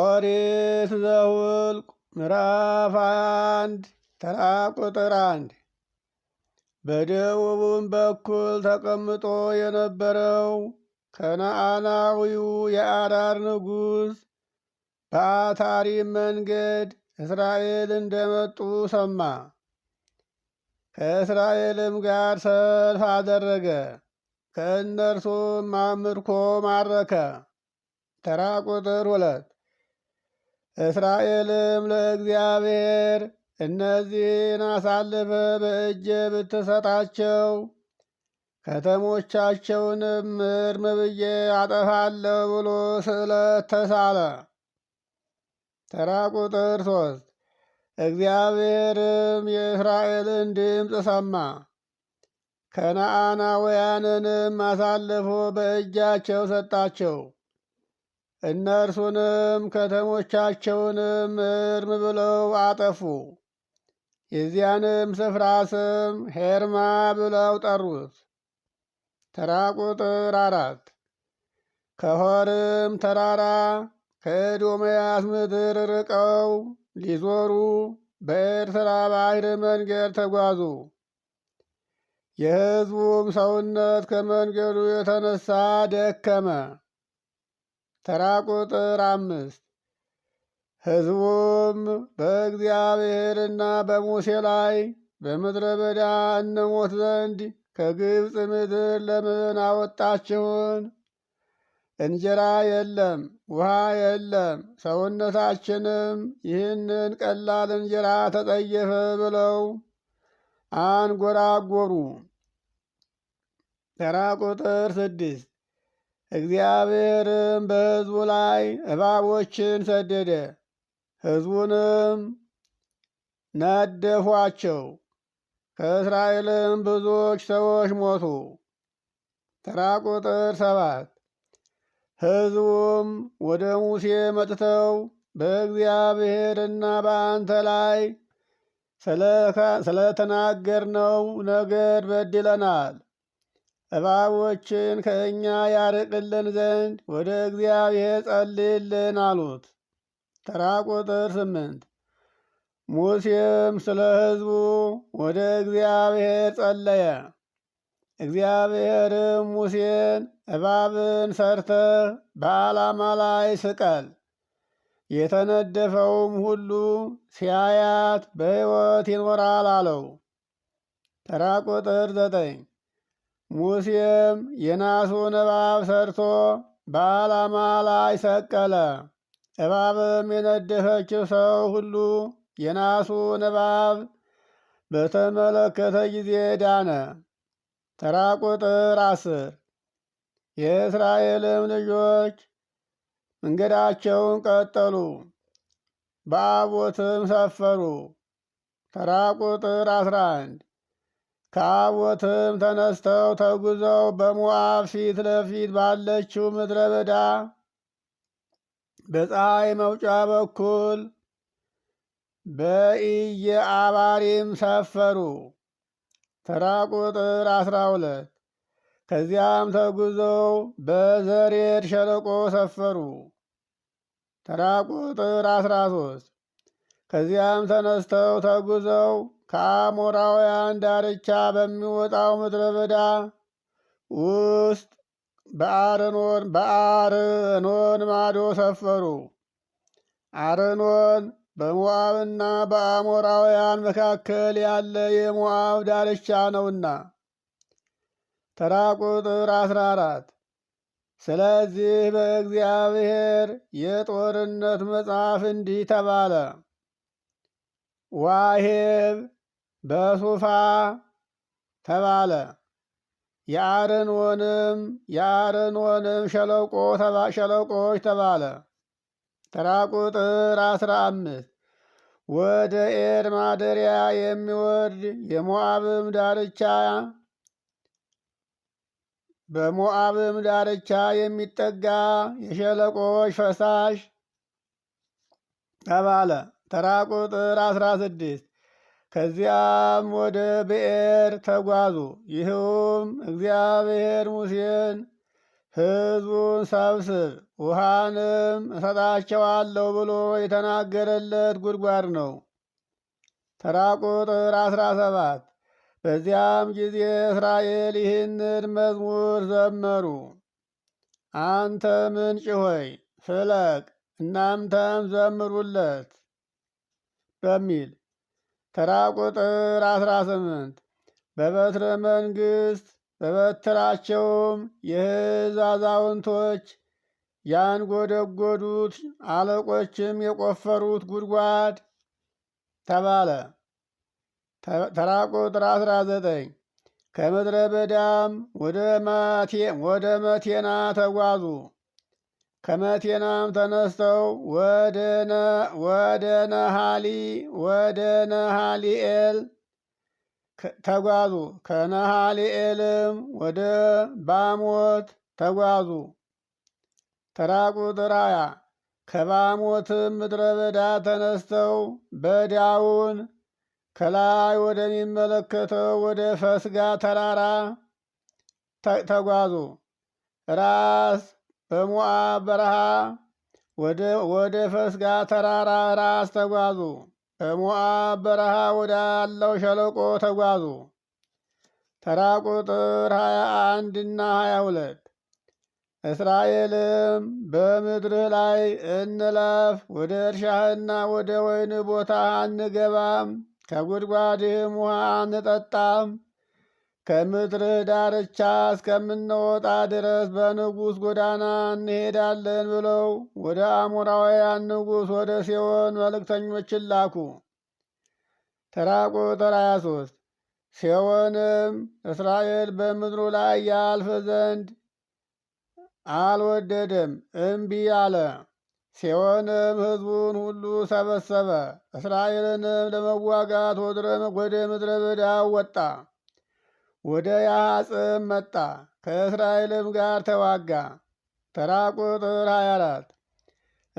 ኦሪት ዘኍልቍ ምዕራፍ አንድ ተራ ቁጥር አንድ በደቡብም በኩል ተቀምጦ የነበረው ከነአናዊው የአራር ንጉሥ በአታሪም መንገድ እስራኤል እንደመጡ ሰማ። ከእስራኤልም ጋር ሰልፍ አደረገ፣ ከእነርሱም አምርኮ ማረከ። ተራ ቁጥር ሁለት እስራኤልም ለእግዚአብሔር እነዚህን አሳልፈ በእጅ ብትሰጣቸው ከተሞቻቸውንም እርም ብዬ አጠፋለሁ ብሎ ስዕለት ተሳለ። ተራ ቁጥር ሶስት እግዚአብሔርም የእስራኤልን ድምፅ ሰማ፣ ከነአናውያንንም አሳልፎ በእጃቸው ሰጣቸው። እነርሱንም ከተሞቻቸውንም እርም ብለው አጠፉ። የዚያንም ስፍራ ስም ሄርማ ብለው ጠሩት። ተራ ቁጥር አራት ከሆርም ተራራ ከኤዶምያስ ምድር ርቀው ሊዞሩ በኤርትራ ባሕር መንገድ ተጓዙ። የሕዝቡም ሰውነት ከመንገዱ የተነሳ ደከመ። ተራ ቁጥር አምስት ሕዝቡም በእግዚአብሔርና በሙሴ ላይ በምድረ በዳ እንሞት ዘንድ ከግብፅ ምድር ለምን አወጣችሁን? እንጀራ የለም፣ ውሃ የለም፣ ሰውነታችንም ይህንን ቀላል እንጀራ ተጠየፈ ብለው አንጎራጎሩ። ተራ ቁጥር ስድስት እግዚአብሔርም በሕዝቡ ላይ እባቦችን ሰደደ፣ ሕዝቡንም ነደፏቸው። ከእስራኤልም ብዙዎች ሰዎች ሞቱ። ተራ ቁጥር ሰባት ሕዝቡም ወደ ሙሴ መጥተው በእግዚአብሔርና በአንተ ላይ ስለተናገርነው ነገር በድለናል እባቦችን ከእኛ ያርቅልን ዘንድ ወደ እግዚአብሔር ጸልይልን አሉት። ተራ ቁጥር ስምንት ሙሴም ስለ ሕዝቡ ወደ እግዚአብሔር ጸለየ። እግዚአብሔርም ሙሴን እባብን ሰርተህ በዓላማ ላይ ስቀል፣ የተነደፈውም ሁሉ ሲያያት በሕይወት ይኖራል አለው። ተራ ቁጥር ዘጠኝ ሙሴም የናሱን እባብ ሰርቶ በዓላማ ላይ ሰቀለ። እባብም የነደፈችው ሰው ሁሉ የናሱን እባብ በተመለከተ ጊዜ ዳነ። ተራ ቁጥር አስር የእስራኤልም ልጆች መንገዳቸውን ቀጠሉ፣ በአቦትም ሰፈሩ። ተራ ቁጥር አስራ አንድ ከአቦትም ተነስተው ተጉዘው በሞዓብ ፊት ለፊት ባለችው ምድረ በዳ በፀሐይ መውጫ በኩል አባሪም ሰፈሩ። ተራ ቁጥር አስራ ሁለት ከዚያም ተጉዘው በዘሬድ ሸለቆ ሰፈሩ። ተራ ቁጥር አስራ ሶስት ከዚያም ተነስተው ተጉዘው ከአሞራውያን ዳርቻ በሚወጣው ምድረ በዳ ውስጥ በአርኖን ማዶ ሰፈሩ። አርኖን በሞዓብና በአሞራውያን መካከል ያለ የሞዓብ ዳርቻ ነውና። ተራ ቁጥር 14 ስለዚህ በእግዚአብሔር የጦርነት መጽሐፍ እንዲህ ተባለ ዋሄብ በሱፋ ተባለ። የአረንወንም የአረንወንም ሸለቆ ሸለቆች ተባለ። ተራ ቁጥር አስራ አምስት ወደ ኤር ማደሪያ የሚወርድ የሞአብም ዳርቻ በሞአብም ዳርቻ የሚጠጋ የሸለቆች ፈሳሽ ተባለ። ተራ ቁጥር አስራ ስድስት ከዚያም ወደ ብኤር ተጓዙ። ይህውም እግዚአብሔር ሙሴን ሕዝቡን ሰብስብ ውሃንም እሰጣቸዋለሁ ብሎ የተናገረለት ጉድጓድ ነው። ተራ ቁጥር አስራ ሰባት በዚያም ጊዜ እስራኤል ይህንን መዝሙር ዘመሩ። አንተ ምንጭ ሆይ ፍለቅ፣ እናንተም ዘምሩለት በሚል ተራ ቁጥር 18 በበትረ መንግስት በበትራቸውም የሕዝብ አዛውንቶች ያንጎደጎዱት አለቆችም የቆፈሩት ጉድጓድ ተባለ። ተራ ቁጥር 19 ከምድረ በዳም ወደ መቴና ተጓዙ። ከመቴናም ተነስተው ወደ ነሃሊ ወደ ነሃሊኤል ተጓዙ። ከነሃሊኤልም ወደ ባሞት ተጓዙ። ተራ ቁጥር ሃያ ከባሞትም ምድረ በዳ ተነስተው በዳውን ከላይ ወደሚመለከተው ወደ ፈስጋ ተራራ ተጓዙ ራስ በሞዓብ በረሃ ወደ ፈስጋ ተራራ ራስ ተጓዙ። በሞዓብ በረሃ ወዳለው ሸለቆ ተጓዙ። ተራ ቁጥር 21 እና 22 እስራኤልም በምድርህ ላይ እንለፍ፣ ወደ እርሻህና ወደ ወይን ቦታ አንገባም፣ ከጉድጓድህም ውሃ አንጠጣም ከምድር ዳርቻ እስከምንወጣ ድረስ በንጉሥ ጎዳና እንሄዳለን ብለው ወደ አሞራውያን ንጉሥ ወደ ሲሆን መልእክተኞችን ላኩ። ተራ ቁጥር 23 ሲሆንም እስራኤል በምድሩ ላይ ያልፍ ዘንድ አልወደደም፣ እምቢ አለ። ሲሆንም ሕዝቡን ሁሉ ሰበሰበ፣ እስራኤልንም ለመዋጋት ወደ ምድረ በዳ ወጣ። ወደ ያሐጽም መጣ፣ ከእስራኤልም ጋር ተዋጋ። ተራ ቁጥር 24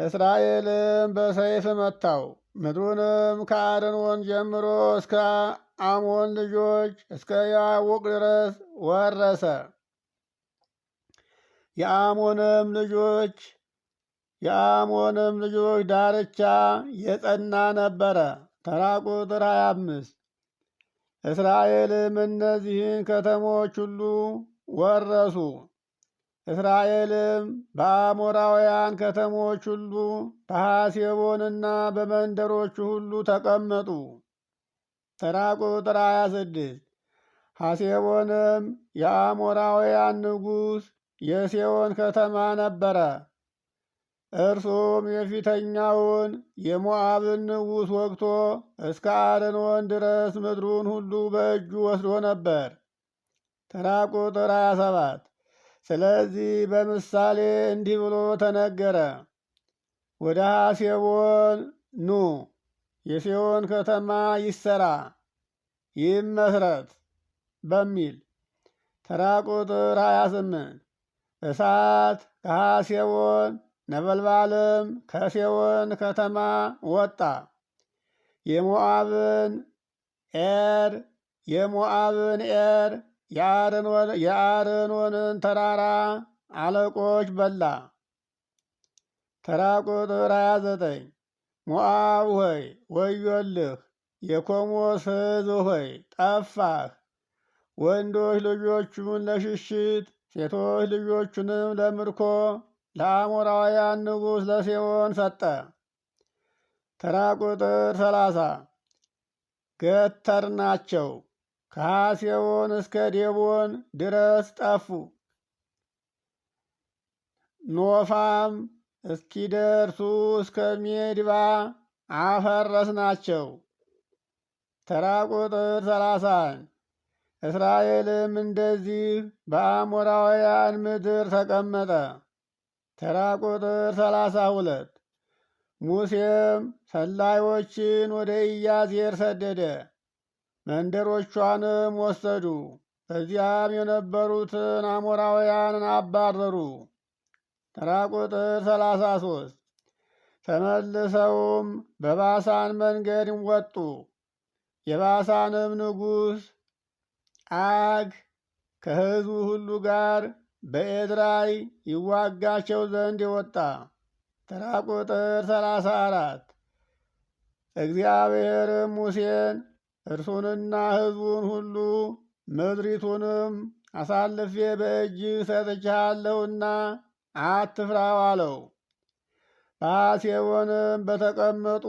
እስራኤልም በሰይፍ መታው፣ ምድሩንም ከአርኖን ጀምሮ እስከ አሞን ልጆች እስከ ያውቅ ድረስ ወረሰ። የአሞንም ልጆች የአሞንም ልጆች ዳርቻ የጸና ነበረ። ተራ ቁጥር 25 እስራኤልም እነዚህን ከተሞች ሁሉ ወረሱ። እስራኤልም በአሞራውያን ከተሞች ሁሉ በሐሴቦንና በመንደሮቹ ሁሉ ተቀመጡ። ተራ ቁጥር 26 ሐሴቦንም የአሞራውያን ንጉሥ የሴዎን ከተማ ነበረ። እርሱም የፊተኛውን የሞዓብን ንጉሥ ወግቶ እስከ ወን ድረስ ምድሩን ሁሉ በእጁ ወስዶ ነበር። ተራ ቁጥር 27 ስለዚህ በምሳሌ እንዲህ ብሎ ተነገረ። ወደ ሐሴቦን ኑ፣ የሴዎን ከተማ ይሰራ ይመስረት በሚል ተራ ቁጥር 28 እሳት ከሐሴቦን ነበልባልም ከሴዎን ከተማ ወጣ። የሞአብን ኤር የሞአብን ኤር የአርኖንን ተራራ አለቆች በላ። ተራ ቁጥር 29 ሞአብ ሆይ ወዮልህ! የኮሞስ ሕዝብ ሆይ ጠፋህ! ወንዶች ልጆቹን ለሽሽት፣ ሴቶች ልጆቹንም ለምርኮ ለአሞራውያን ንጉሥ ለሴዎን ሰጠ። ተራ ቁጥር ሰላሳ ገተር ናቸው ከሐሴዎን እስከ ዴቦን ድረስ ጠፉ። ኖፋም እስኪደርሱ እስከ ሜድባ አፈረስ ናቸው። ተራ ቁጥር ሰላሳ እስራኤልም እንደዚህ በአሞራውያን ምድር ተቀመጠ። ተራ ቁጥር ሰላሳ ሁለት ሙሴም ሰላዮችን ወደ ኢያዜር ሰደደ። መንደሮቿንም ወሰዱ። በዚያም የነበሩትን አሞራውያንን አባረሩ። ተራ ቁጥር ሰላሳ ሶስት ተመልሰውም በባሳን መንገድ ወጡ። የባሳንም ንጉሥ አግ ከሕዝቡ ሁሉ ጋር በኤድራይ ይዋጋቸው ዘንድ የወጣ ተራ ቁጥር 34 አራት እግዚአብሔርም ሙሴን እርሱንና ሕዝቡን ሁሉ ምድሪቱንም አሳልፌ በእጅህ ሰጥቻለሁና አትፍራው አለው። በሴዎንም በተቀመጡ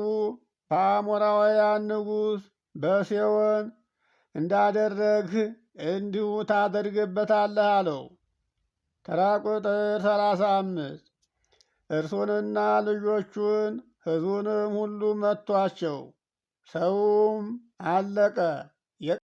በአሞራውያን ንጉሥ በሴዎን እንዳደረግህ እንዲሁ ታደርግበታለህ አለው። ተራ ቁጥር 35 እርሱንና ልጆቹን ሕዝቡንም ሁሉ መቷቸው፣ ሰውም አለቀ።